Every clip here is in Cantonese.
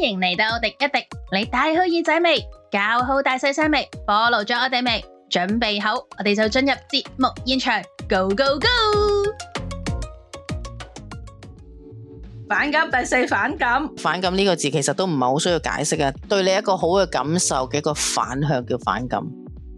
歡迎嚟到廸一廸，你帶好耳仔未？搞好大細聲未？暴露咗我哋未？準備好，我哋就進入節目現場，Go Go Go！反感第四，反感，反感呢個字其實都唔係好需要解釋嘅，對你一個好嘅感受嘅一個反向叫反感。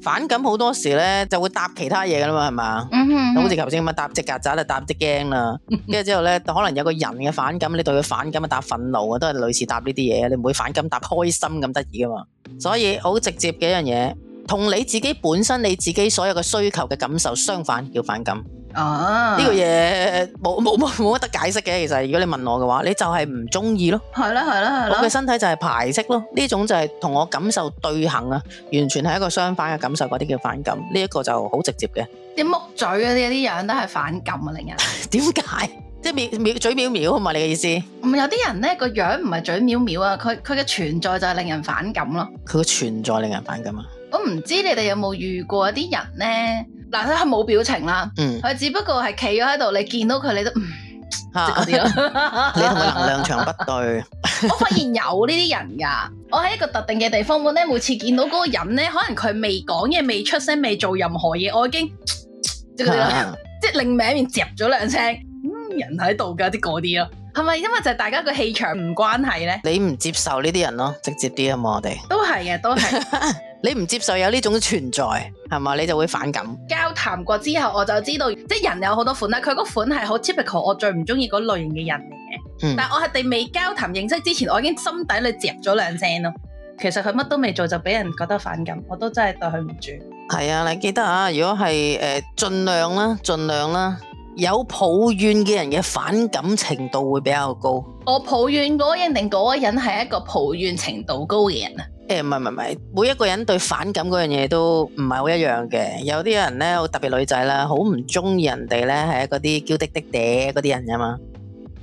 反感好多時咧就會答其他嘢噶啦嘛，係嘛？咁好似頭先咁樣，搭隻曱甴就搭隻驚啦。跟住 之後咧，可能有個人嘅反感，你對佢反感啊，搭憤怒啊，都係類似答呢啲嘢。你唔會反感答開心咁得意噶嘛？所以好直接嘅一樣嘢，同你自己本身你自己所有嘅需求嘅感受相反叫反感。哦，呢、啊、個嘢冇冇冇冇乜得解釋嘅，其實如果你問我嘅話，你就係唔中意咯。係啦係啦係啦。我身體就係排斥咯，呢種就係同我感受對衡啊，完全係一個相反嘅感受，嗰啲叫反感。呢、這、一個就好直接嘅。啲木嘴嗰、啊、啲，啲樣都係反感啊，令人。點解？ 即係藐藐嘴藐藐啊嘛，係咪你嘅意思？唔係有啲人咧，個樣唔係嘴藐藐啊，佢佢嘅存在就係令人反感咯。佢嘅存在令人反感啊。我唔知你哋有冇遇過一啲人咧？嗱，佢冇表情啦，佢、嗯、只不過係企咗喺度，你見到佢，你都嗯，啊、即嗰啲咯。 你同佢能量場不對。 我發現有呢啲人噶，我喺一個特定嘅地方，我咧每次見到嗰個人咧，可能佢未講嘢、未出聲、未做任何嘢，我已經、啊、即係令、啊、 另面面夾咗兩聲，嗯，人喺度噶，啲嗰啲咯，係咪因為就係大家個氣場唔關係咧？你唔接受呢啲人咯，直接啲啊嘛，我哋都係嘅，都係。你唔接受有呢種存在係嘛？你就會反感。交談過之後，我就知道即係人有好多款啦。佢嗰款係好 typical，我最唔中意嗰類型嘅人嚟嘅。嗯、但係我哋未交談認識之前，我已經心底裏接咗兩聲咯。其實佢乜都未做，就俾人覺得反感。我都真係對佢唔住。係啊，你記得啊？如果係誒，儘、呃、量啦，儘量啦。有抱怨嘅人嘅反感程度會比較高。我抱怨嗰人定嗰個人係一個抱怨程度高嘅人啊？誒，唔係唔係，每一個人對反感嗰樣嘢都唔係好一樣嘅。有啲人咧，好特別女仔啦，好唔中意人哋咧係嗰啲嬌滴滴嘅嗰啲人啊嘛。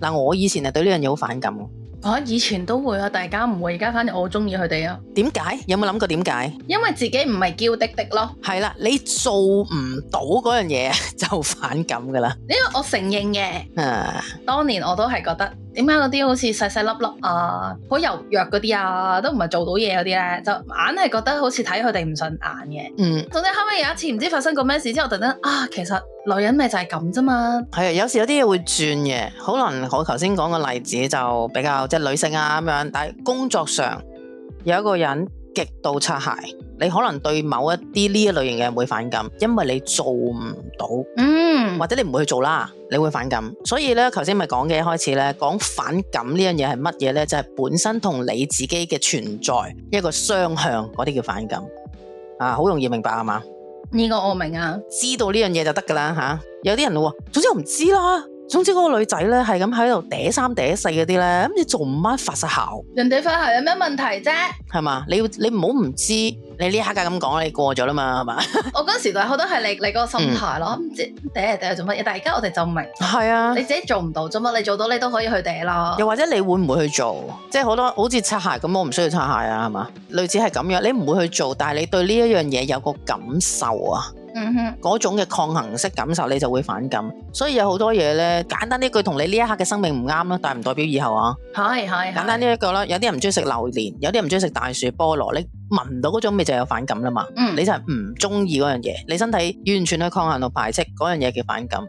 嗱，我以前係對呢樣嘢好反感。啊，我以前都會啊，大家唔會，而家反正我中意佢哋啊。點解？有冇諗過點解？因為自己唔係嬌滴滴咯。係啦，你做唔到嗰樣嘢就反感噶啦。呢個我承認嘅，啊，當年我都係覺得。點解嗰啲好似細細粒粒啊，好柔弱嗰啲啊，都唔係做到嘢嗰啲咧，就硬係覺得好似睇佢哋唔順眼嘅。嗯，總之後尾有一次唔知發生過咩事之後，突然間啊，其實女人咪就係咁啫嘛。係啊、嗯，嗯、有時有啲嘢會轉嘅，可能我頭先講嘅例子就比較即係女性啊咁樣，但係工作上有一個人極度擦鞋。你可能對某一啲呢一類型嘅人會反感，因為你做唔到，嗯、或者你唔會去做啦，你會反感。所以呢，頭先咪講嘅一開始呢，講反感呢樣嘢係乜嘢呢？就係、是、本身同你自己嘅存在一個雙向，嗰啲叫反感啊，好容易明白係嘛？呢個我明啊，知道呢樣嘢就得噶啦吓。有啲人咯，總之我唔知啦。總之嗰個女仔咧，係咁喺度嗲三嗲四嗰啲咧，咁你做唔？乜發晒姣？人哋發姣有咩問題啫？係嘛，你要你唔好唔知，你呢一刻咁講，你過咗啦嘛，係嘛？我嗰時就係覺得係你你個心態咯，咁即係嗲係做乜嘢？但係而家我哋就明係啊，你自己做唔到啫嘛，你做到你都可以去嗲啦。又或者你會唔會去做？即係好多好似擦鞋咁，我唔需要擦鞋啊，係嘛？類似係咁樣，你唔會去做，但係你對呢一樣嘢有個感受啊。嗰、嗯、種嘅抗衡式感受，你就會反感，所以有好多嘢呢，簡單呢句同你呢一刻嘅生命唔啱咯，但係唔代表以後啊，係係簡單呢一個啦。有啲人唔中意食榴蓮，有啲人唔中意食大樹菠蘿，你聞到嗰種味就有反感啦嘛，嗯、你就係唔中意嗰樣嘢，你身體完全去抗衡到排斥嗰樣嘢叫反感，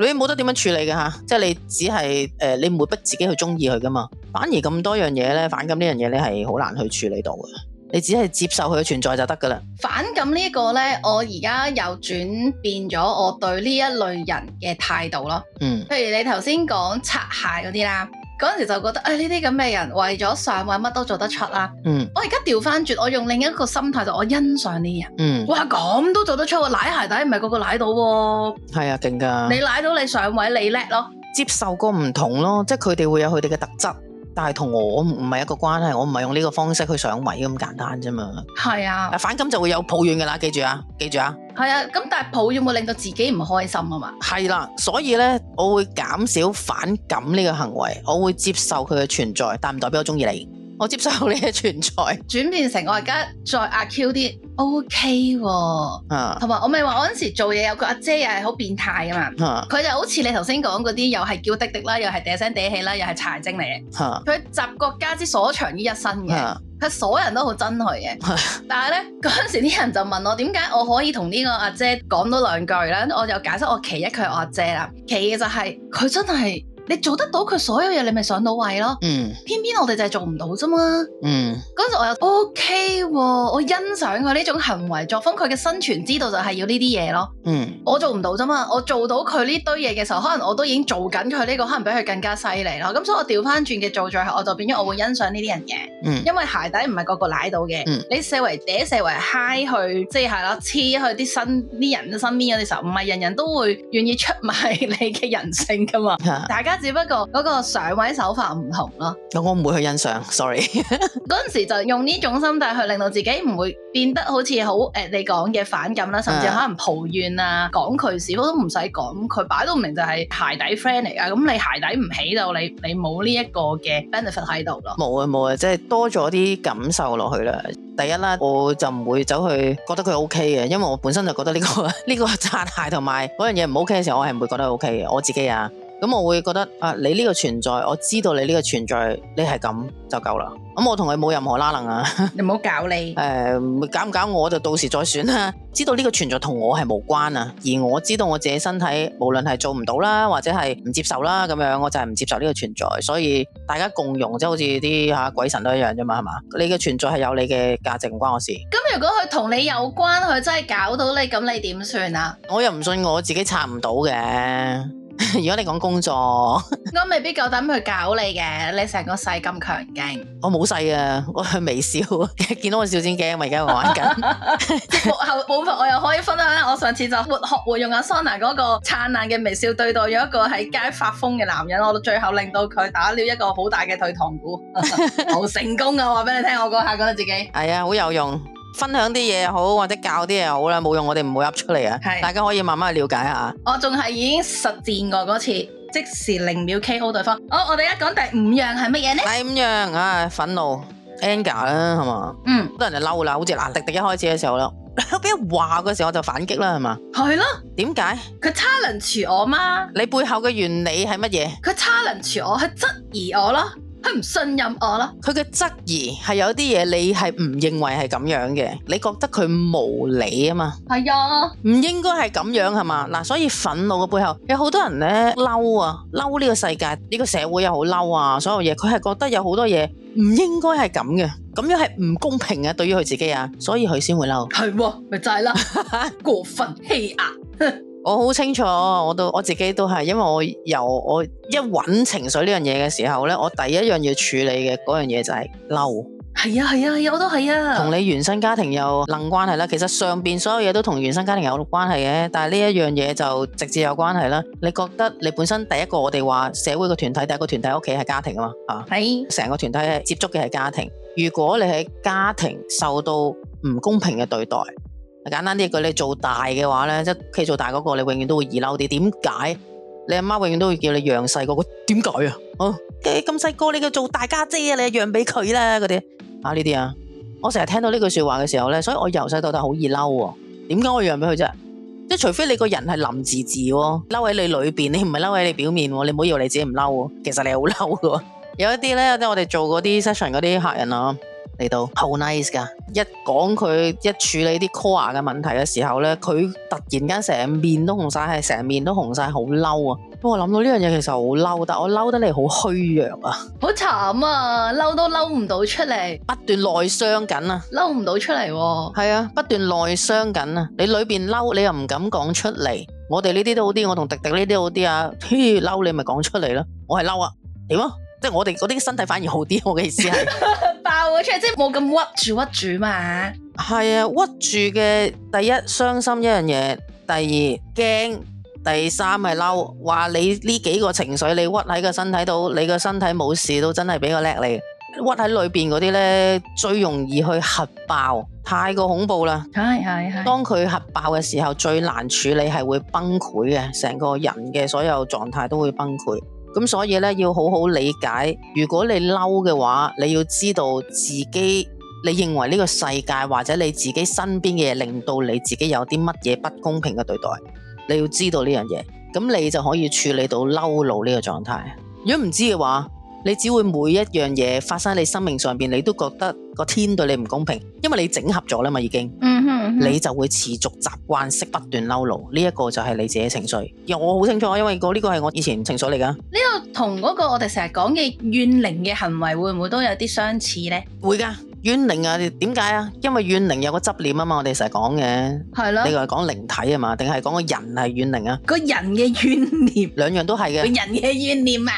你冇得點樣處理嘅吓，即係你只係誒、呃、你唔會逼自己去中意佢噶嘛，反而咁多樣嘢呢，反感呢樣嘢你係好難去處理到嘅。你只係接受佢嘅存在就得噶啦。反感呢個呢，我而家又轉變咗我對呢一類人嘅態度咯。嗯，譬如你頭先講擦鞋嗰啲啦，嗰陣時就覺得啊，呢啲咁嘅人為咗上位乜都做得出啦。嗯，我而家調翻轉，我用另一個心態就我欣賞呢啲人。嗯，哇咁都做得出喎，舐鞋底唔係個個舐到喎。係啊，勁噶、啊。你舐到你上位，你叻咯。接受個唔同咯，即係佢哋會有佢哋嘅特質。但係同我唔係一個關係，我唔係用呢個方式去上位咁簡單啫嘛。係啊，反感就會有抱怨噶啦，記住啊，記住啊。係啊，咁但係抱怨會令到自己唔開心啊嘛。係啦，所以咧我會減少反感呢個行為，我會接受佢嘅存在，但唔代表我中意你。我接受你嘅存在，轉變成我而家再阿 Q 啲，OK 喎、啊。同埋、啊、我咪話我嗰陣時做嘢有個阿姐又係好變態噶嘛。佢、啊、就好似你頭先講嗰啲，又係叫滴滴啦，又係嗲聲嗲氣啦，又係茶精嚟嘅。佢集各家之所長於一身嘅，佢所有人都好憎佢嘅。啊、 但係呢，嗰陣時啲人就問我點解我可以同呢個阿姐講多兩句咧？我就解釋我其一佢係我阿姐啦，其二就係佢真係。你做得到佢所有嘢，你咪上到位咯。嗯，偏偏我哋就係做唔到啫嘛。嗯，嗰陣我又 O K 喎，我欣賞佢呢種行為作風，佢嘅生存之道就係要呢啲嘢咯。嗯，我做唔到啫嘛，我做到佢呢堆嘢嘅時候，可能我都已經做緊佢呢個，可能比佢更加犀利咯。咁所以我調翻轉嘅做在後，我就變咗我會欣賞呢啲人嘅。嗯，因為鞋底唔係個個踩到嘅。嗯，你四圍嗲四圍嗨去，即係係咯，黐去啲身，啲人身邊嗰啲時候，唔係人人都會願意出賣你嘅人性噶嘛。大家。只不過嗰個上位手法唔同咯，咁我唔會去欣賞，sorry。嗰 陣時就用呢種心態去令到自己唔會變得好似好誒，你講嘅反感啦，甚至可能抱怨啊，講佢似乎都唔使講，佢擺到明就係鞋底 friend 嚟噶，咁你鞋底唔起到你，你冇呢一個嘅 benefit 喺度咯。冇啊，冇啊，即係多咗啲感受落去啦。第一啦，我就唔會走去覺得佢 ok 嘅，因為我本身就覺得呢、呢個呢、呢個擦鞋同埋嗰樣嘢唔 ok 嘅時候，我係唔會覺得 ok 嘅，我自己啊。咁我會覺得啊，你呢個存在，我知道你呢個存在，你係咁就夠啦。咁我同佢冇任何拉能啊。 你唔好搞你。誒、嗯，搞唔搞我，我就到時再算啦。知道呢個存在同我係無關啊。而我知道我自己身體無論係做唔到啦，或者係唔接受啦，咁樣我就係唔接受呢個存在。所以大家共融，即、就是、好似啲吓鬼神都一樣啫嘛，係嘛？你嘅存在係有你嘅價值，唔關我事。咁如果佢同你有關，佢真係搞到你，咁你點算啊？我又唔信我自己拆唔到嘅。 如果你講工作 ，我未必夠膽去搞你嘅。你成個勢咁強勁，我冇勢啊！我微笑， 見到我笑先驚，咪而家玩緊。節 目 後，冇我又可以分享，我上次就活學活用阿 Sona 嗰個燦爛嘅微笑，對待咗一個喺街發瘋嘅男人，我到最後令到佢打了一個好大嘅退堂鼓，好 成功啊！我話俾你聽，我嗰下覺得自己係啊，好、 哎、有用，分享啲嘢好，或者教啲嘢好啦，冇用，我哋唔好噏出嚟啊！係，大家可以慢慢去了解下。我仲係已經實戰過嗰次，即時零秒 KO 對方。好，哦，我哋一講第五樣係乜嘢呢？第五樣啊，憤怒 anger 啦，係嘛？嗯，多人就嬲啦，好似嗱，廸廸一開始嘅時候啦，俾人話嘅時我就反擊啦，係嘛？係咯，啊，點解？佢 challenge 我嗎？你背後嘅原理係乜嘢？佢 challenge 我係質疑我咯。佢唔信任我啦，佢嘅質疑係有啲嘢你係唔認為係咁樣嘅，你覺得佢無理啊嘛？係啊，唔應該係咁樣係嘛？嗱，所以憤怒嘅背後有好多人呢嬲啊，嬲呢個世界，呢個社會又好嬲啊，所有嘢，佢係覺得有好多嘢唔應該係咁嘅，咁樣係唔公平嘅，對於佢自己啊，所以佢先會嬲，係咪就係啦？ 過分欺壓啊。 我好清楚，我都我自己都係，因為我由我一揾情緒呢樣嘢嘅時候呢，我第一樣要處理嘅嗰樣嘢就係嬲。係啊係啊，係啊，我都係啊。同你原生家庭有能關係啦，其實上邊所有嘢都同原生家庭有關係嘅，但係呢一樣嘢就直接有關係啦。你覺得你本身第一個我哋話社會嘅團體，第一個團體屋企係家庭啊嘛，啊是，係成個團體係接觸嘅係家庭。如果你喺家庭受到唔公平嘅對待。簡單啲句，你做大嘅話咧，即係企做大嗰個，你永遠都會易嬲啲。點解？你阿媽永遠都會叫你讓細個，點解啊？啊，咁細個你叫做大家姐啊，你讓俾佢啦，嗰啲啊呢啲啊。我成日聽到呢句說話嘅時候咧，所以我由細到大好易嬲喎。點解我讓俾佢啫？即係除非你個人係林子子，嬲喺你裏邊，你唔係嬲喺你表面。你唔好以為你自己唔嬲，其實你好嬲嘅。 有一啲咧，即我哋做嗰啲 session 嗰啲客人啊。嚟到好 nice 噶，一講佢一處理啲 core 嘅問題嘅時候呢，佢突然間成面都紅晒，係成面都紅晒，好嬲啊！不過我諗到呢樣嘢其實好嬲，但我嬲得嚟好虛弱啊，好慘啊，嬲都嬲唔到出嚟，不斷內傷緊啊，嬲唔到出嚟喎，係啊，不斷內傷緊啊，你裏邊嬲你又唔敢講出嚟，我哋呢啲都好啲，我同迪迪呢啲好啲啊，譬、呃、嬲你咪講出嚟咯，我係嬲啊，點啊，即係我哋嗰啲身體反而好啲，我嘅意思係。 即係冇咁屈住屈住嘛，係啊，屈住嘅第一傷心一樣嘢，第二驚，第三係嬲，話你呢幾個情緒你屈喺個身體度，你個身體冇事都真係比較叻你，屈喺裏邊嗰啲咧最容易去核爆，太過恐怖啦，係係係，當佢核爆嘅時候最難處理係會崩潰嘅，成個人嘅所有狀態都會崩潰。咁所以咧，要好好理解。如果你嬲嘅話，你要知道自己你認為呢個世界或者你自己身邊嘅嘢，令到你自己有啲乜嘢不公平嘅對待，你要知道呢樣嘢，咁你就可以處理到嬲怒呢個狀態。如果唔知嘅話，你只會每一樣嘢發生喺你生命上邊，你都覺得。個天對你唔公平，因為你整合咗啦嘛，已經，嗯哼，你就會持續習慣式不斷嬲怒，呢一個就係你自己嘅情緒。我好清楚，因為個呢個係我以前情緒嚟噶。呢個同嗰個我哋成日講嘅怨靈嘅行為會唔會都有啲相似呢？會噶怨靈啊？點解啊？因為怨靈有個執念啊嘛，我哋成日講嘅係咯，你係講靈體啊嘛，定係講個人係怨靈啊？個人嘅怨念，兩樣都係嘅。個人嘅怨念啊，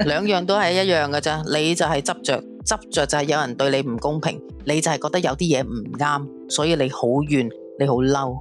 兩樣都係一樣㗎啫，你就係執着。執着就係有人對你唔公平，你就係覺得有啲嘢唔啱，所以你好怨你好嬲。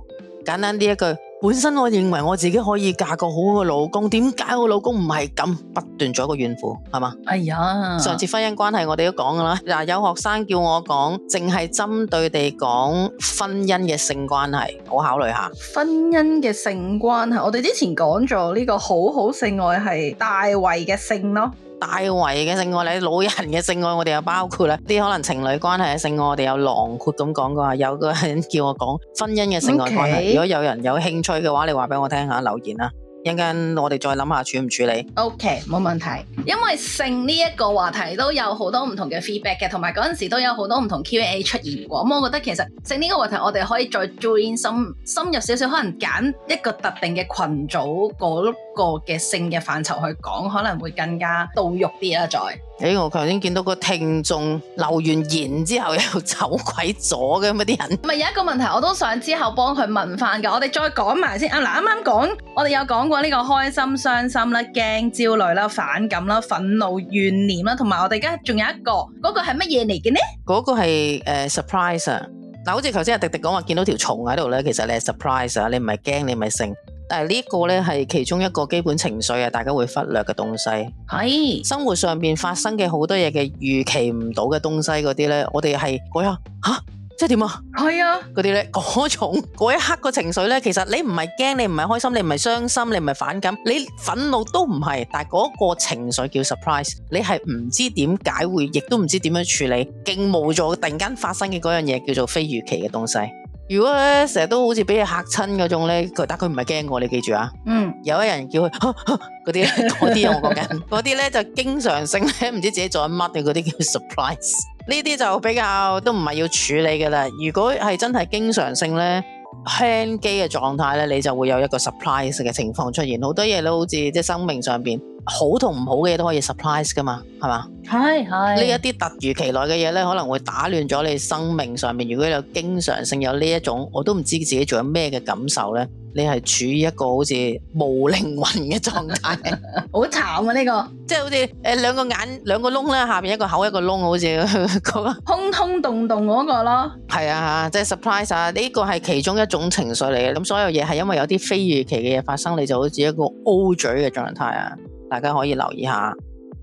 簡單啲一句，本身我認為我自己可以嫁個好好嘅老公，點解我老公唔係咁，不斷做一個怨婦，係嘛？哎呀，上次婚姻關係我哋都講㗎啦，嗱，有學生叫我講，淨係針對地講婚姻嘅性關係，我考慮下。婚姻嘅性關係，我哋之前講咗呢個好好性愛係大衞嘅性咯。大圍嘅性愛，你老人嘅性愛，我哋又包括啦，啲可能情侶關係嘅性愛，我哋又囊括咁講過。有個人叫我講婚姻嘅性愛關係，Okay. 如果有人有興趣嘅話，你話俾我聽下，留言啊。一陣間我哋再諗下處唔處理，OK 冇問題。因為性呢一個話題都有好多唔同嘅 feedback 嘅，同埋嗰陣時候都有好多唔同 Q&A 出現過。咁我覺得其實性呢個話題我哋可以再 join 深，深入少少，可能揀一個特定嘅群組嗰個嘅性嘅範疇去講，可能會更加到肉啲啊！再誒、哎，我頭先見到個聽眾留完言之後又走鬼咗嘅咁啲人，咪有一個問題我都想之後幫佢問翻嘅，我哋再講埋先啊！嗱，啱啱講我哋有講過呢個開心、傷心、傷心啦、驚、焦慮啦、反感啦、憤怒、怨念啦，同埋我哋而家仲有一個，嗰、那個係乜嘢嚟嘅呢？嗰個係誒 surprise 啊！嗱，好似頭先阿廸廸講話見到條蟲喺度咧，其實你係 surprise 啊！你唔係驚，你咪盛。誒，呢個咧係其中一個基本情緒啊，大家會忽略嘅東西。係 生活上面發生嘅好多嘢嘅預期唔到嘅東西嗰啲 呢，我哋係嗰一刻即係點啊？係啊，嗰啲呢，嗰種嗰一刻個情緒呢，其實你唔係驚，你唔係開心，你唔係傷心，你唔係反感，你憤怒都唔係，但係嗰個情緒叫 surprise，你係唔知點解會，亦都唔知點樣處理，勁無助，突然間發生嘅嗰樣嘢叫做非預期嘅東西。如果咧成日都好似俾人嚇親嗰種咧，佢得佢唔係驚過，你記住啊。嗯、有一人叫佢，嗰啲啲我講緊嗰啲咧，就經常性咧唔知自己做緊乜嘅嗰啲叫 surprise。呢啲就比較都唔係要處理嘅啦。如果係真係經常性咧 hang 機嘅狀態咧，你就會有一個 surprise 嘅情況出現。多好多嘢都好似即係生命上邊。好同唔好嘅嘢都可以 surprise 噶嘛，係嘛？係係呢一啲突如其來嘅嘢咧，可能會打亂咗你生命上面。如果你有經常性有呢一種，我都唔知自己做緊咩嘅感受咧。你係處於一個好似無靈魂嘅狀態， 好慘啊！呢個 即係好似誒兩個眼兩個窿啦，下邊一個口一個窿，好似、那個 空空洞洞嗰個咯。係啊，吓即係 surprise 啊！呢、這個係其中一種情緒嚟嘅。咁所有嘢係因為有啲非預期嘅嘢發生，你就好似一個 O 嘴嘅狀態啊。大家可以留意下。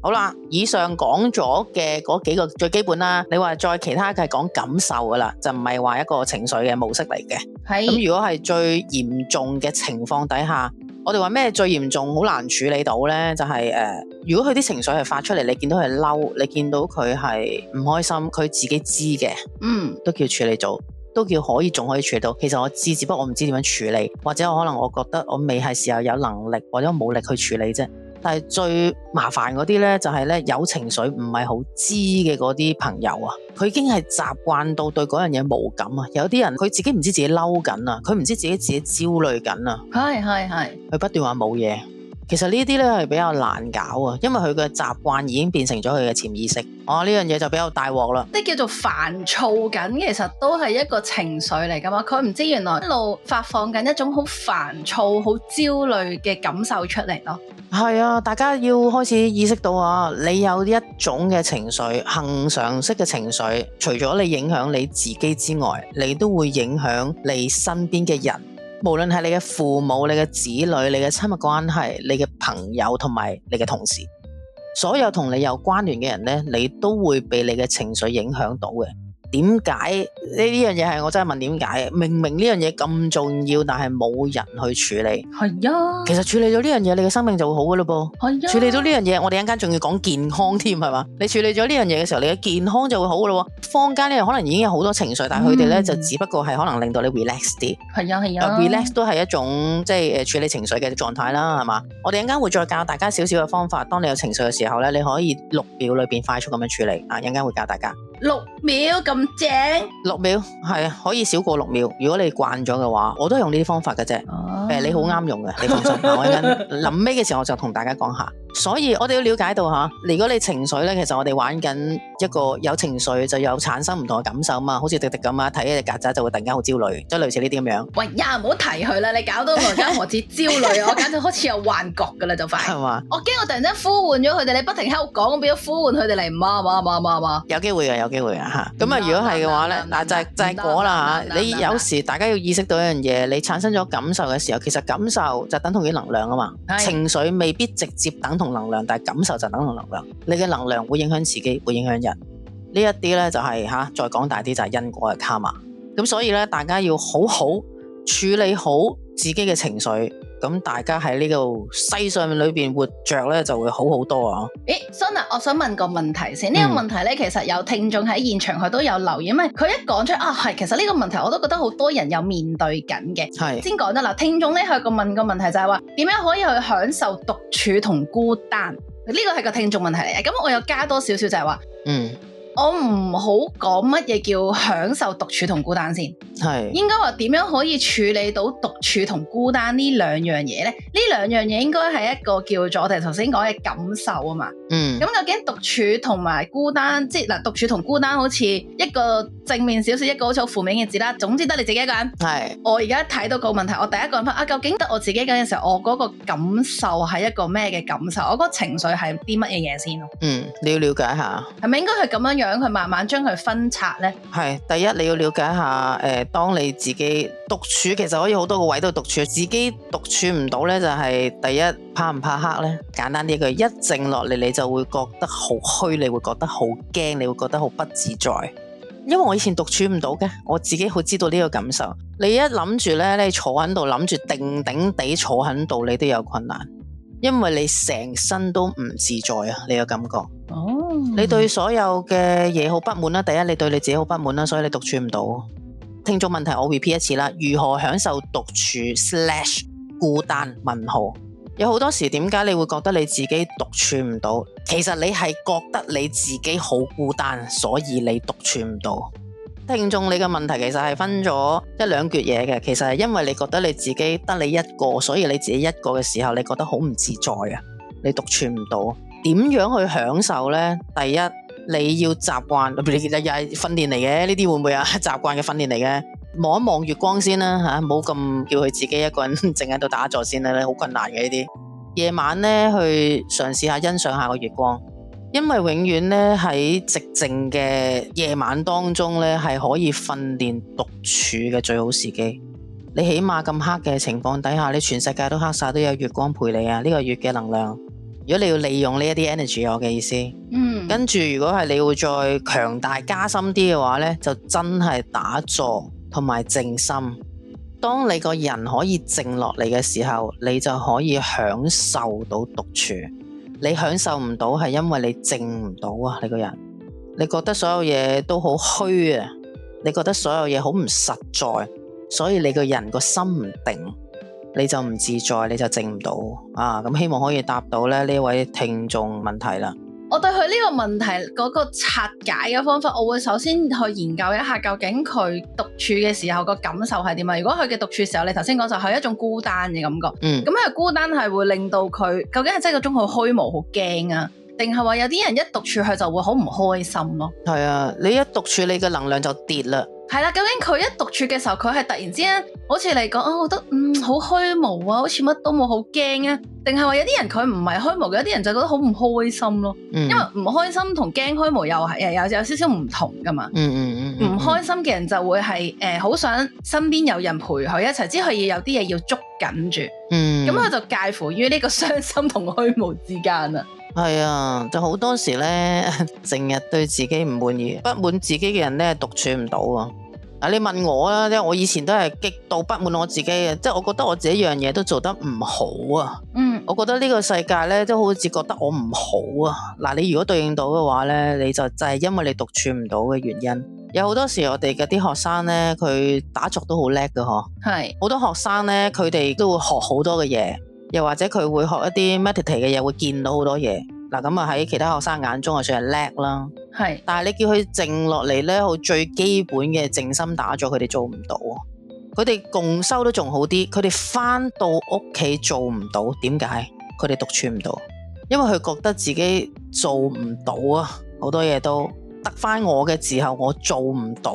好啦，以上講咗嘅嗰幾個最基本啦，你話再其他嘅係講感受噶啦，就唔係話一個情緒嘅模式嚟嘅。係咁是，如果係最嚴重嘅情況底下，我哋話咩最嚴重，好難處理到呢？就係、是、誒、呃，如果佢啲情緒係發出嚟，你見到佢嬲，你見到佢係唔開心，佢自己知嘅，嗯，都叫處理到，都叫可以，仲可以處理到。其實我知，只不過我唔知點樣處理，或者我可能我覺得我未係時候有能力或者冇力去處理啫。但係最麻煩嗰啲咧，就係有情緒唔係好知嘅嗰啲朋友啊，佢已經係習慣到對嗰樣嘢無感啊。有啲人佢自己唔知自己嬲緊啊，佢唔知自己自己在焦慮緊啊。係係係，佢不斷話冇嘢。其實呢啲咧係比較難搞啊，因為佢嘅習慣已經變成咗佢嘅潛意識。哇、啊！呢樣嘢就比較大鑊啦。啲叫做煩躁緊，其實都係一個情緒嚟㗎嘛。佢唔知原來一路發放緊一種好煩躁、好焦慮嘅感受出嚟咯。係啊，大家要開始意識到啊，你有一種嘅情緒、恒常式嘅情緒，除咗你影響你自己之外，你都會影響你身邊嘅人。無論係你嘅父母、你嘅子女、你嘅親密關係、你嘅朋友同埋你嘅同事，所有同你有關聯嘅人呢，你都會被你嘅情緒影響到嘅。點解呢？呢樣嘢係我真係問點解？明明呢樣嘢咁重要，但係冇人去處理。係啊，其實處理咗呢樣嘢，你嘅生命就會好噶咯噃。係啊，處理咗呢樣嘢，我哋一陣間仲要講健康添，係嘛？你處理咗呢樣嘢嘅時候，你嘅健康就會好噶咯。坊間呢，可能已經有好多情緒，但係佢哋咧就只不過係可能令到你 relax 啲。係啊係啊，relax、uh, 都係一種即係誒、呃、處理情緒嘅狀態啦，係嘛？我哋一陣間會再教大家少少嘅方法。當你有情緒嘅時候咧，你可以六秒裏邊快速咁樣處理。啊，一陣間會教大家。六秒咁正，六秒，係啊，可以少過六秒。如果你慣咗嘅話，我都係用呢啲方法嘅啫。誒、啊呃，你好啱用嘅，你放心。 啊、我臨尾嘅時候我就同大家講下。所以我哋要了解到嚇，如果你情緒咧，其實我哋玩緊一個有情緒就有產生唔同嘅感受啊嘛，好似廸廸咁啊，睇一隻曱甴就會突然間好焦慮，即係類似呢啲咁樣。喂呀，唔好提佢啦，你搞到我而家何止焦慮啊，我搞到好似有幻覺噶啦就快。係嘛？我驚我突然間呼喚咗佢哋，你不停喺度講，變咗呼喚佢哋嚟唔啱唔啱唔啱唔啱。有機會啊，有機會啊嚇。咁啊，如果係嘅話咧，嗱就就係果啦嚇。你有時大家要意識到一樣嘢，你產生咗感受嘅時候，其實感受就等同於能量啊嘛。係。情緒未必直接等同能量，但係感受就等同能量。你嘅能量會影響自己，會影響人。呢一啲咧就係、是、吓，再講大啲就係因果嘅卡瑪。咁所以咧，大家要好好處理好自己嘅情緒。咁大家喺呢個世上裡面裏邊活着咧，就會好好多啊！誒，Sona，我想問個問題先。呢、這個問題咧，其實有聽眾喺現場佢都有留言，咪佢一講出啊，係其實呢個問題我都覺得好多人有面對緊嘅。係是先講得啦，聽眾咧佢個問個問題就係、是、話，點樣可以去享受獨處同孤單？呢、這個係個聽眾問題嚟嘅。咁我又加多少少就係話，嗯。我唔好講乜嘢叫享受獨處同孤單先是，係應該話點樣可以處理到獨處同孤單兩呢兩樣嘢咧？呢兩樣嘢應該係一個叫做我哋頭先講嘅感受啊嘛。嗯。咁究竟獨處同埋孤單，即係嗱，獨、呃、處同孤單好似一個正面少少，一個好似負面嘅字啦。總之得你自己一個人。係是。我而家睇到個問題，我第一個人翻啊，究竟得我自己一個人嘅時候，我嗰個感受係一個咩嘅感受？我個情緒係啲乜嘢嘢先？嗯，你要了解下。係咪應該係咁樣？樣佢慢慢將佢分拆呢，係第一你要了解下，誒、呃，當你自己獨處，其實可以好多個位都獨處，自己獨處唔到呢，就係第一怕唔怕黑呢？簡單啲佢一靜落嚟，你就會覺得好虛，你會覺得好驚，你會覺得好不自在。因為我以前獨處唔到嘅，我自己會知道呢個感受。你一諗住呢，你坐喺度諗住定定地坐喺度，你都有困難。因為你成身都唔自在啊，你個感覺。哦，oh. 你對所有嘅嘢好不滿啦、啊，第一你對你自己好不滿啦、啊，所以你獨處唔到。聽眾問題，我 repeat 一次啦，如何享受獨處/孤單問號？有好多時點解你會覺得你自己獨處唔到？其實你係覺得你自己好孤單，所以你獨處唔到。聽眾，你嘅問題其實係分咗一兩橛嘢嘅。其實係因為你覺得你自己得你一個，所以你自己一個嘅時候，你覺得好唔自在啊，你獨處唔到，點樣去享受呢？第一你要習慣，你其實又係訓練嚟嘅，呢啲會唔會啊？習慣嘅訓練嚟嘅，望一望月光先啦、啊、吓，冇、啊、咁叫佢自己一個人淨喺度打坐先啦、啊，你好困難嘅呢啲。夜晚呢，去嘗試下欣賞下個月光。因為永遠咧，喺寂靜嘅夜晚當中咧，係可以訓練獨處嘅最好時機。你起碼咁黑嘅情況底下，你全世界都黑晒，都有月光陪你啊！呢個月嘅能量，如果你要利用呢一啲 energy，我嘅意思。嗯。跟住如果係你要再強大加深啲嘅話咧，就真係打坐同埋靜心。當你個人可以靜落嚟嘅時候，你就可以享受到獨處。你享受唔到，係因為你靜唔到啊！你個人，你覺得所有嘢都好虛啊，你覺得所有嘢好唔實在，所以你個人個心唔定，你就唔自在，你就靜唔到啊！咁、嗯、希望可以答到咧呢位聽眾問題啦。我對佢呢個問題嗰個拆解嘅方法，我會首先去研究一下，究竟佢獨處嘅時候個感受係點啊？如果佢嘅獨處時候，你頭先講就係一種孤單嘅感覺，嗯，咁孤單係會令到佢究竟係真係嗰種好虛無、好驚啊？定係話有啲人一獨處佢就會好唔開心咯。係啊，你一獨處你嘅能量就跌啦。係啦、啊，究竟佢一獨處嘅時候，佢係突然之間好似嚟講，我覺得嗯好虛無啊，好似乜都冇，好驚啊。定係話有啲人佢唔係虛無嘅，有啲人就覺得好唔開心咯。嗯、因為唔開心同驚虛無又係有有少少唔同噶嘛。嗯嗯嗯嗯嗯、唔開心嘅人就會係誒，好、呃、想身邊有人陪佢一齊，知佢要有啲嘢要捉緊住。嗯。咁佢就介乎於呢個傷心同虛無之間啦。係啊，就好多時咧，成日對自己唔滿意，不滿自己嘅人咧，獨處唔到啊！嗱，你問我啦，即係我以前都係極度不滿我自己嘅，即係我覺得我自己樣嘢都做得唔好啊。嗯，我覺得呢個世界咧，都好似覺得我唔好啊。嗱、啊，你如果對應到嘅話咧，你就就係因為你獨處唔到嘅原因。有好多時我哋嗰啲學生咧，佢打坐都好叻噶，嗬是。係。好多學生咧，佢哋都會學好多嘅嘢。又或者佢會學一啲 mathematics 嘅嘢，會見到好多嘢。嗱，咁啊，喺其他學生眼中啊，算係叻啦。係是，但係你叫佢靜落嚟呢，好最基本嘅靜心打坐，佢哋做唔到。佢哋共修都仲好啲，佢哋翻到屋企做唔到，點解？佢哋獨處唔到，因為佢覺得自己做唔到啊，好多嘢都得翻我嘅時候，我做唔到。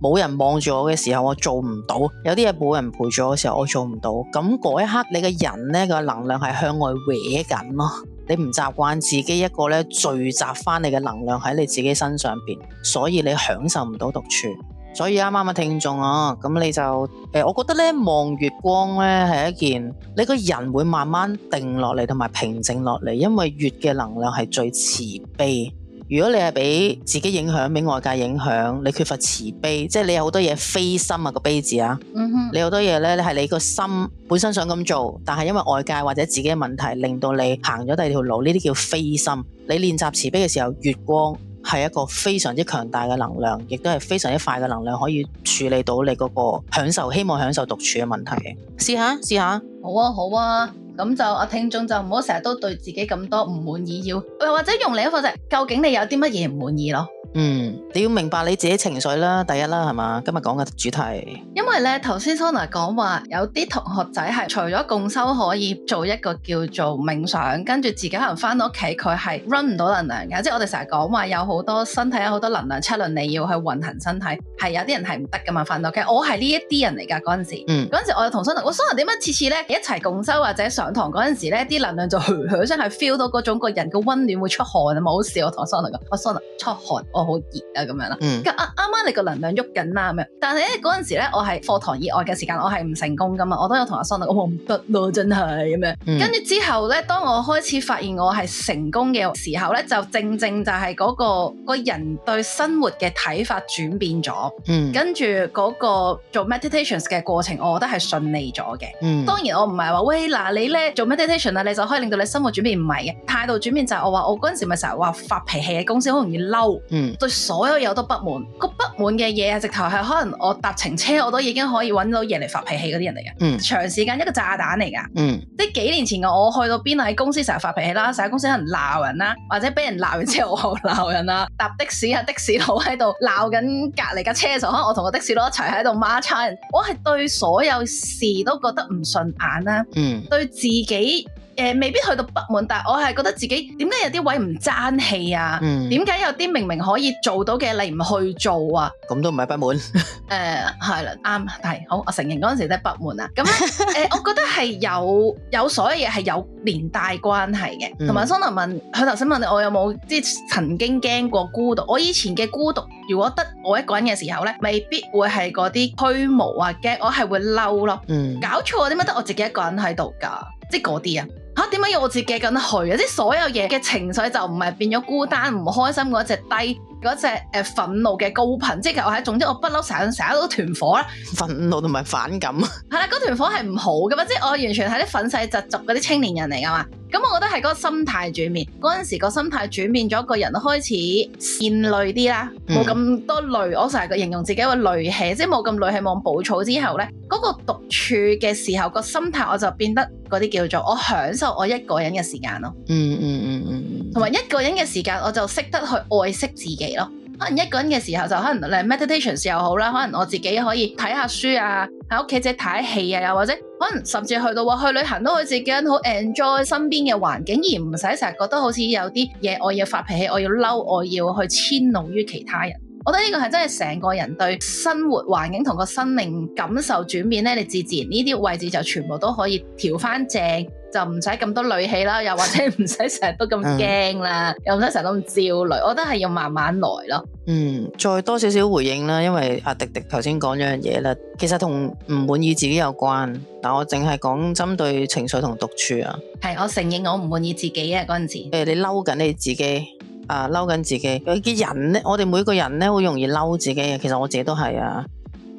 冇人望住我嘅時候，我做唔到；有啲嘢冇人陪住我嘅時候，我做唔到。咁嗰一刻，你嘅人咧個能量係向外歪緊咯。 你唔習慣自己一個咧聚集翻你嘅能量喺你自己身上邊，所以你享受唔到獨處。所以啱啱嘅聽眾啊，咁你就誒，我覺得咧望月光咧係一件你個人會慢慢定落嚟同埋平靜落嚟，因為月嘅能量係最慈悲。如果你係俾自己影響，俾外界影響，你缺乏慈悲，即係你有好多嘢非心啊，個悲字啊，嗯、哼你好多嘢呢，係你個心本身想咁做，但係因為外界或者自己嘅問題，令到你行咗第二條路，呢啲叫非心。你練習慈悲嘅時候，月光係一個非常之強大嘅能量，亦都係非常之快嘅能量，可以處理到你嗰個享受、希望享受獨處嘅問題嘅。試下，試下，好啊，好啊。咁就，我聽眾就唔好成日都對自己咁多唔滿意要，要又或者用另一個方式，究竟你有啲乜嘢唔滿意咯？嗯，你要明白你自己情緒啦，第一啦，係嘛？今日講嘅主題，因為咧頭先 Sona 講話，有啲同學仔係除咗共修可以做一個叫做冥想，跟住自己可能翻到屋企佢係 run 唔到能量嘅，即係我哋成日講話有好多身體有好多能量七輪你要去運行身體，係有啲人係唔得噶嘛，翻到屋企，我係呢一啲人嚟噶嗰陣時，嗰、嗯、時我又同 Sona，我 Sona 點解次次咧一齊共修或者上堂嗰陣時咧啲能量就噉噉真係 feel 到嗰種個人嘅溫暖，會出汗啊，冇事我同 Sona 講，我 Sona、哦、出汗我。哦好熱啊，咁樣啦，咁啱啱你個能量喐緊啦，咁樣，但係咧嗰陣時咧，我係課堂以外嘅時間，我係唔成功噶嘛，我都有同阿 sun 我唔得，真係咁樣。跟住、嗯、之後咧，當我開始發現我係成功嘅時候咧，就正正就係嗰、嗰個個人對生活嘅睇法轉變咗，跟住嗰個做 meditations 嘅過程，我覺得係順利咗嘅。嗯，當然我唔係話喂嗱，你咧做 meditation 啊，你就可以令到你生活轉變，唔係嘅態度轉變就係我話我嗰陣時咪成日話發脾氣，公司好容易嬲，嗯。對所有嘢都不滿，個不滿嘅嘢啊，直頭係可能我搭程車我都已經可以搵到嘢嚟發脾氣嗰啲人嚟嘅。嗯、長時間一個炸彈嚟噶，即、嗯、幾年前嘅，我去到邊啊？喺公司成日發脾氣啦，成日公司有人鬧人啦，或者俾人鬧完之後我好鬧人啦，搭 的士啊，的士佬喺度鬧緊隔籬架車，可能我同個的士佬一齊喺度孖餐，我係對所有事都覺得唔順眼啦，嗯、對自己。誒、呃、未必去到不滿，但係我係覺得自己點解有啲位唔爭氣啊？點解、嗯、有啲明明可以做到嘅，你唔去做啊？咁都唔係不滿。誒係啦，啱係好，我承認嗰陣時都係不滿啊。咁、嗯、咧、呃呃、我覺得係有有所有嘢係有連帶關係嘅，同埋桑南問佢頭先問你，我有冇即係曾經驚過孤獨？我以前嘅孤獨，如果得我一個人嘅時候咧，未必會係嗰啲虛無啊驚，我係會嬲咯。嗯，搞錯啊！點解得我自己一個人喺度㗎？即係嗰啲啊！嚇點解要我自己咁去啊？即、就、係、是、所有嘢嘅情緒就唔係變咗孤單、唔開心嗰隻低嗰隻誒憤怒嘅高頻。即係我係總之我不嬲成成日都火團火啦。憤怒同埋反感。係啦，嗰團火係唔好㗎嘛。即係我完全係啲憤世嫉俗嗰啲青年人嚟㗎嘛。咁我覺得係嗰個心態轉變嗰陣時，個心態轉變咗，個人開始善累啲啦，冇咁多累。嗯、我成日形容自己話累氣，即係冇咁累氣，望暴躁之後咧，嗰、那個獨處嘅時候、那個心態我就變得嗰啲叫做我享受。我一個人嘅時間咯、嗯，嗯嗯嗯嗯，同、嗯、埋一個人嘅時間，我就識得去愛惜自己咯。可能一個人嘅時候就，就可能嚟 meditation 又好啦，可能我自己可以睇下書啊，喺屋企即係睇戲啊，又或者可能甚至去到話去旅行都會，自己好 enjoy 身邊嘅環境，而唔使成日覺得好似有啲嘢我要發脾氣，我要嬲，我要去遷怒於其他人。我覺得呢個係真係成個人對生活環境同個生命感受轉變咧，你自然呢啲位置就全部都可以調返正，就唔使咁多戾氣啦，又或者唔使成日都咁驚啦，嗯、又唔使成日都咁焦慮。我覺得係要慢慢來咯。嗯，再多少少回應啦，因為阿廸廸頭先講咗樣嘢啦，其實同唔滿意自己有關，但我淨係講針對情緒同獨處啊。係，我承認我唔滿意自己啊嗰陣時。誒、欸，你嬲緊你自己。啊，嬲緊自己，有啲人咧，我哋每個人咧好容易嬲自己嘅，其實我自己都係啊，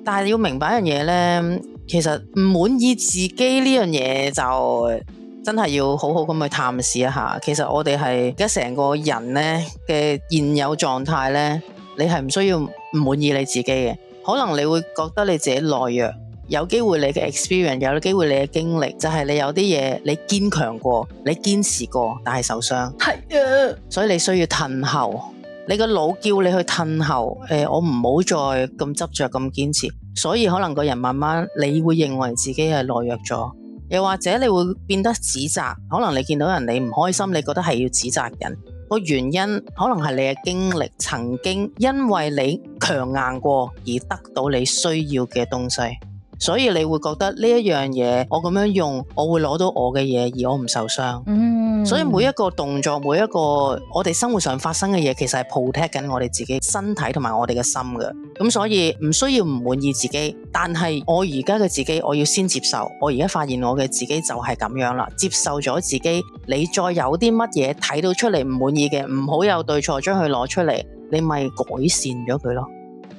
但係要明白一樣嘢咧，其實唔滿意自己呢樣嘢就真係要好好咁去探視一下，其實我哋係而家成個人咧嘅現有狀態咧，你係唔需要唔滿意你自己嘅，可能你會覺得你自己懦弱。有機會你嘅 experience，有機會你嘅經歷，就係你有啲嘢，你堅強過，你堅持過，但係受傷係啊。的所以你需要褪後，你個腦叫你去褪後。誒、呃，我唔好再咁執着、咁堅持。所以可能個人慢慢，你會認為自己係懦弱咗，又或者你會變得指責。可能你見到人，你唔開心，你覺得係要指責人。個原因，可能係你嘅經歷，曾經因為你強硬過而得到你需要嘅東西。所以你會覺得呢一樣嘢，我咁樣用，我會攞到我嘅嘢，而我唔受傷。嗯，所以每一個動作，每一個我哋生活上發生嘅嘢，其實係 protect 緊我哋自己身體同埋我哋嘅心嘅。咁所以唔需要唔滿意自己，但係我而家嘅自己，我要先接受。我而家發現我嘅自己就係咁樣啦，接受咗自己。你再有啲乜嘢睇到出嚟唔滿意嘅，唔好有對錯，將佢攞出嚟，你咪改善咗佢咯。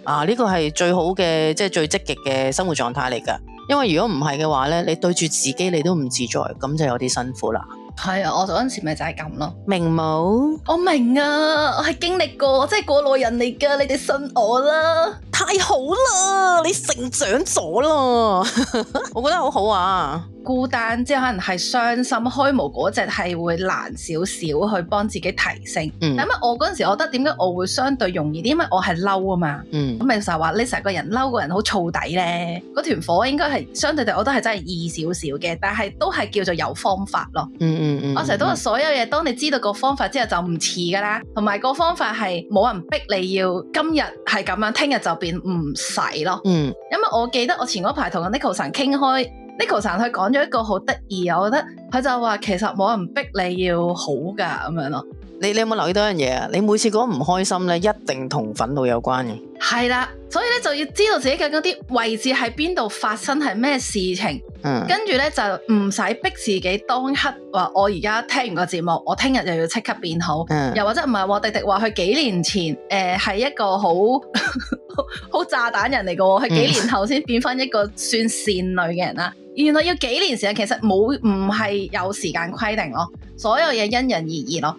啊！呢個係最好嘅，即係最積極嘅生活狀態嚟噶。因為如果唔係嘅話咧，你對住自己你都唔自在，咁就有啲辛苦啦。係啊，我嗰陣時咪就係咁咯，明冇？我明啊，我係經歷過，我真係過來人嚟噶，你哋信我啦。太好啦，你成長咗咯， 我覺得好好啊。孤單，即係可能係傷心。開模嗰隻係會難少少去幫自己提升。咁啊、嗯，我嗰陣時，我覺得點解我會相對容易啲？因為我係嬲啊嘛。咁咪成日話你成日、嗯、 你個人嬲，個人好燥底咧。嗰團火應該係相對地，我覺得係真係易少少嘅。但係都係叫做有方法咯。嗯嗯嗯。嗯嗯我成日都話，所有嘢、嗯、當你知道個方法之後就，就唔似噶啦。同埋個方法係冇人逼你要今日係咁樣，聽日就變唔使咯。嗯。因為我記得我前嗰排同 Nicholson 傾開。Nicko 成日佢講咗一個好得意，我覺得佢就話其實冇人逼你要好噶咁樣咯。你你有冇留意到一樣嘢啊？你每次講唔開心咧，一定同憤怒有關嘅。係啦，所以咧就要知道自己嘅嗰啲位置喺邊度，發生係咩事情。嗯，跟住咧就唔使逼自己當刻話我而家聽完個節目，我聽日就要即刻變好。嗯、又或者唔係話迪迪話佢幾年前誒係、呃、一個好好 炸彈人嚟嘅，佢幾年後先變翻一個算善女嘅人啦。嗯原來要幾年時間，其實冇唔係有時間規定囉，所有嘢因人而異囉。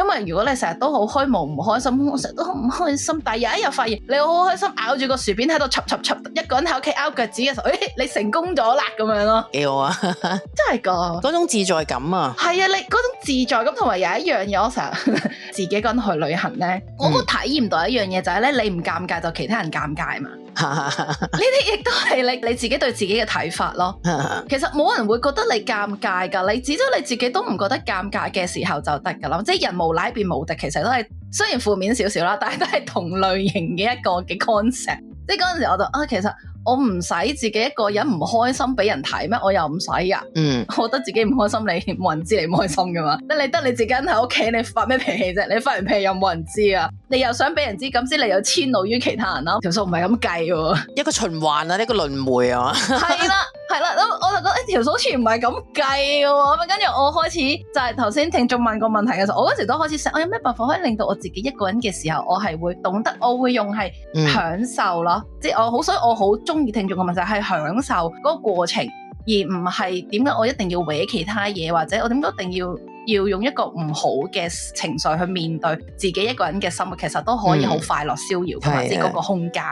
因為如果你成日都好開毛，唔開心，我成日都好唔開心，但係有一日發現你好開心，咬住個薯片喺度插插插，一個人喺屋企咬腳趾嘅時候，誒、欸，你成功咗啦咁樣咯，幾好、欸、我啊， 真係噶，嗰種自在感啊，係啊，你嗰種自在感同埋有一樣嘢，我成日 自己個人去旅行咧，嗯、我都體驗到一樣嘢就係、是、咧，你唔尷尬就其他人尷尬嘛，呢啲亦都係你你自己對自己嘅睇法咯， 其實冇人會覺得你尷尬噶，你至少你自己都唔覺得尷尬嘅時候就得噶啦，即係人冇。拉變無敵，其實都係雖然負面少少啦，但係都係同類型嘅一個嘅 concept。即係嗰陣時，我就啊，其實。我唔使自己一個人唔開心俾人睇咩？我又唔使呀。嗯，我覺得自己唔開心，你冇人知你唔開心噶嘛？得你得你自己喺屋企，你發咩脾氣啫？你發完脾氣有冇人知啊？你又想俾人知，咁先你又遷怒於其他人啦、啊。條數唔係咁計喎，一個循環啊，一個輪迴啊。係 啦，係啦，咁我就覺得、哎、條數好似唔係咁計喎。咁跟住我開始就係頭先聽眾問個問題嘅時候，我嗰時都開始想，我、哎、有咩辦法可以令到我自己一個人嘅時候，我係會懂得，我會用係享受咯。嗯、即係我好，所以我好。我中意聽眾嘅問題係、就是、享受嗰個過程，而唔係點解我一定要搲其他嘢，或者我點解一定要要用一個唔好嘅情緒去面對自己一個人嘅生活。其實都可以好快樂逍遙嘅，即係嗰個空間。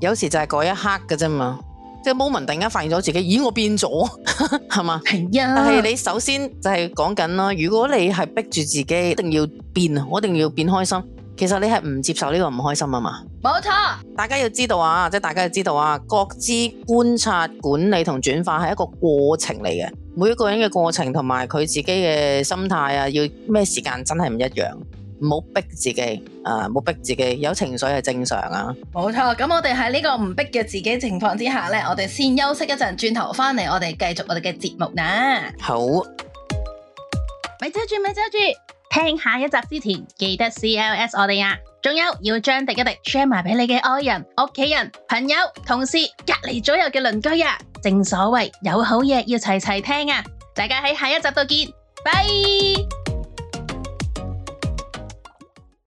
有時就係嗰一刻嘅啫嘛，即係 moment 突然間發現咗自己，咦，我變咗係嘛？ 吧的但係你首先就係講緊啦，如果你係逼住自己一定要變，我一定要變開心。其實你係唔接受呢個唔開心啊嘛，冇錯。大家要知道啊，即係大家要知道啊，各自觀察管理同轉化係一個過程嚟嘅，每一個人嘅過程同埋佢自己嘅心態啊，要咩時間真係唔一樣，唔好逼自己，誒，唔好逼自己，有情緒係正常啊。冇錯，咁我哋喺呢個唔逼嘅自己情況之下咧，我哋先休息一陣，轉頭翻嚟我哋繼續我哋嘅節目啦。好，咪揸住，咪揸住。聽下一集之前，記得 C L S 我哋啊，仲有要將廸一廸 share 埋俾你嘅愛人、屋企人、朋友、同事、隔籬左右嘅鄰居啊！正所謂有好嘢要齊齊聽啊！大家喺下一集度見，拜。